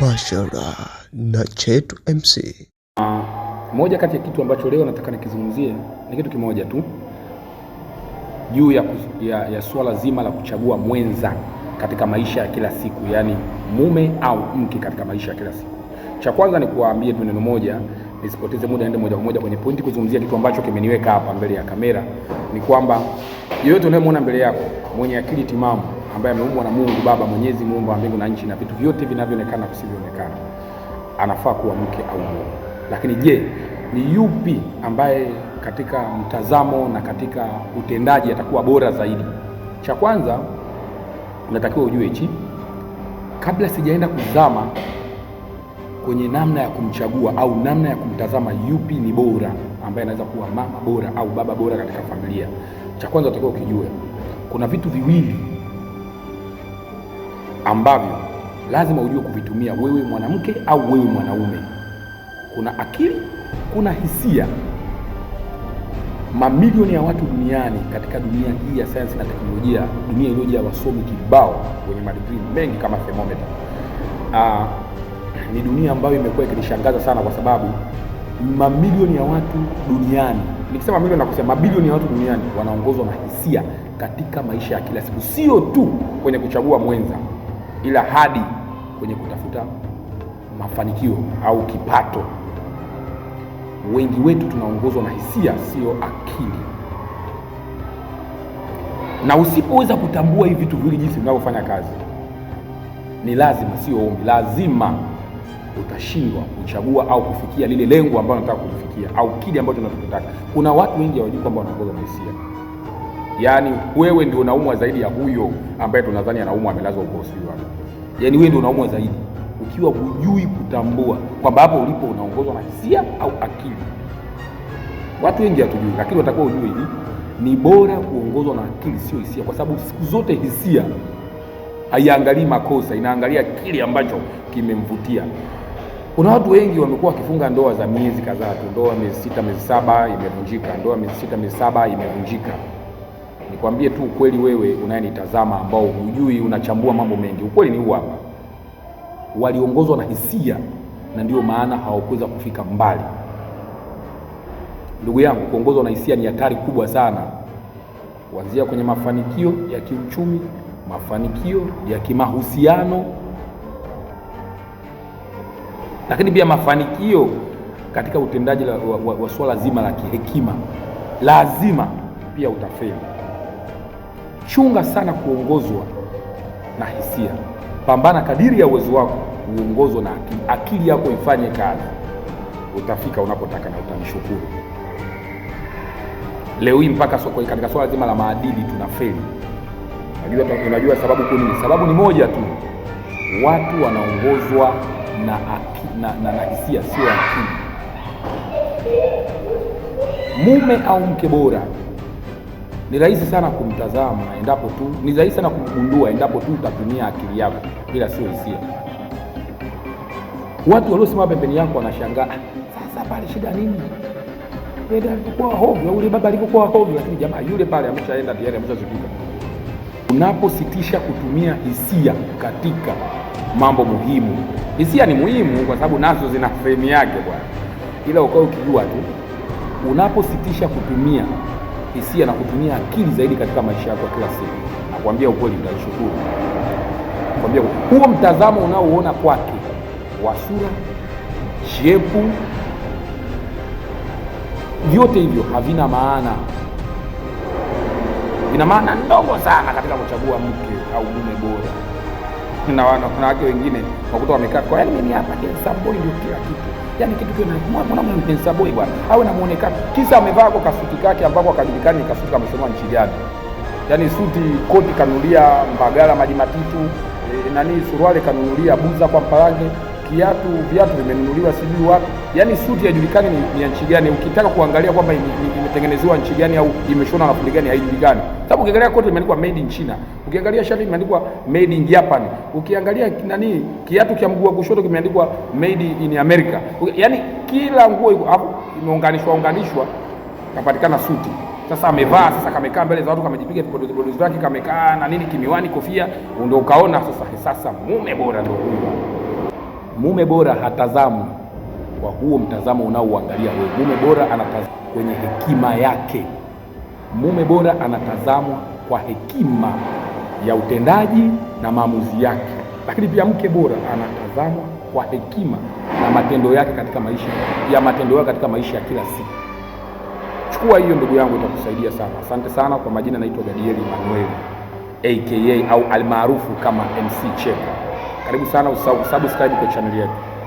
mubashara na Chetu MC. moja kati ya kitu ambacho leo nataka nikizungumzie ni kitu kimoja tu juu ya, ya, ya suala zima la kuchagua mwenza katika maisha ya kila siku, yaani mume au mke katika maisha ya kila siku. Cha kwanza ni kuwaambie tu neno moja, nisipoteze muda, ende moja kwa moja kwenye pointi kuzungumzia kitu ambacho kimeniweka hapa mbele ya kamera, ni kwamba yeyote unayemwona mbele yako mwenye akili timamu ambaye ameumbwa na Mungu Baba Mwenyezi, muumba wa mbingu na nchi na vitu vyote vinavyoonekana visivyoonekana, anafaa kuwa mke au mume. Lakini je, ni yupi ambaye katika mtazamo na katika utendaji atakuwa bora zaidi? Cha kwanza unatakiwa ujue hichi kabla sijaenda kuzama kwenye namna ya kumchagua au namna ya kumtazama yupi ni bora ambaye anaweza kuwa mama bora au baba bora katika familia. Cha kwanza unatakiwa ukijue kuna vitu viwili ambavyo lazima ujue kuvitumia wewe mwanamke au wewe mwanaume. Kuna akili, kuna hisia. Mamilioni ya watu duniani, katika dunia hii ya sayansi na teknolojia, dunia iliyojaa wasomi kibao wenye madigrii mengi kama themometa, ah, ni dunia ambayo imekuwa ikinishangaza sana kwa sababu mamilioni ya watu duniani, nikisema mamilioni nakusema mabilioni ya watu duniani wanaongozwa na hisia katika maisha ya kila siku, sio tu kwenye kuchagua mwenza ila hadi kwenye kutafuta mafanikio au kipato. Wengi wetu tunaongozwa na hisia, sio akili, na usipoweza kutambua hivi vitu viwili jinsi vinavyofanya kazi, ni lazima, sio ombi, lazima utashindwa kuchagua au kufikia lile lengo ambalo unataka kulifikia au kile ambacho unataka. Kuna watu wengi hawajui kwamba wanaongozwa na hisia yaani wewe ndio unaumwa zaidi ya huyo ambaye tunadhani anaumwa amelazwa huko hospitali. Yaani wewe ndio unaumwa zaidi, ukiwa hujui kutambua kwamba hapo ulipo unaongozwa na hisia au akili. Watu wengi hatujui, lakini watakuwa ujue hivi, ni bora kuongozwa na akili, sio hisia, kwa sababu siku zote hisia haiangalii makosa, inaangalia kile ambacho kimemvutia. Kuna watu wengi wamekuwa wakifunga ndoa za miezi kadhaa tu, ndoa miezi sita, miezi saba imevunjika, ndoa miezi sita, miezi saba imevunjika nikwambie tu ukweli, wewe unayenitazama ambao hujui, unachambua mambo mengi, ukweli ni huu hapa. Waliongozwa na hisia na ndiyo maana hawakuweza kufika mbali. Ndugu yangu, kuongozwa na hisia ni hatari kubwa sana, kuanzia kwenye mafanikio ya kiuchumi, mafanikio ya kimahusiano, lakini pia mafanikio katika utendaji wa, wa, wa, wa swala zima la kihekima, lazima pia utafeli. Chunga sana kuongozwa na hisia. Pambana kadiri ya uwezo wako, uongozwe na akili. Akili yako ifanye kazi, utafika unapotaka na utanishukuru. Leo hii mpaka soko katika swala zima la maadili tunafeli. Unajua, unajua sababu kuu nini? Sababu ni moja tu, watu wanaongozwa na na, na, na hisia, sio akili. Mume au mke bora ni rahisi sana kumtazama endapo tu, ni rahisi sana kumgundua endapo tu utatumia akili yako, bila sio hisia. Watu waliosimama pembeni yako wanashangaa, ah, sasa pale shida nini? Yeye hovyo, yule baba alikuwa hovyo, lakini jamaa yule pale ameshaenda tayari, ameshazunguka. Unapositisha kutumia hisia katika mambo muhimu, hisia ni muhimu kwa sababu nazo zina fremu yake bwana, ila ukawa ukijua tu, unapositisha kutumia hisia na kutumia akili zaidi katika maisha yako ya kila siku. Nakwambia ukweli, mtanishukuru. Nakwambia huo mtazamo unaoona kwake wa sura, shepu, vyote hivyo havina maana, vina maana ndogo sana katika kuchagua mke au mume bora. Na wanawake wengine wakuta wamekaa kwa, yaani mimi hapa ndio kila kitu yani kitu kile mwanamume mpensa boy bwana, awe na muonekano, kisa amevaa kwa kasuti kake ambako akajulikani kasuti kama shoma nchi gani, yani suti koti kanulia Mbagala maji matitu, e, eh, nani suruali kanunulia Buza kwa mparange kiatu, viatu vimenunuliwa sijui wapi, yaani suti haijulikani ni, ni nchi gani. Ukitaka kuangalia kwamba imetengenezewa nchi gani au imeshona na fundi gani, haijulikani sababu ukiangalia koti imeandikwa made in China, ukiangalia shati imeandikwa made in Japan, ukiangalia nani kiatu cha mguu wa kushoto kimeandikwa made in America, yaani kila nguo iko hapo imeunganishwa unganishwa, kapatikana suti sasa amevaa sasa, kamekaa mbele za watu, kamejipiga vipodozi vyake, kamekaa na nini, kimiwani, kofia, ndio ukaona sasa, sasa mume bora ndio huyo mume bora hatazamu kwa huo mtazamo unaouangalia wewe. Mume bora anatazamwa kwenye hekima yake. Mume bora anatazamwa kwa hekima ya utendaji na maamuzi yake, lakini pia mke bora anatazamwa kwa hekima na matendo yake katika maisha ya matendo yake katika maisha ya kila siku. Chukua hiyo ndugu yangu, itakusaidia sana. Asante sana. Kwa majina naitwa Gadiel manuel aka au almaarufu kama MC Cheka. Karibu sana, usahau subscribe kwa channel yetu.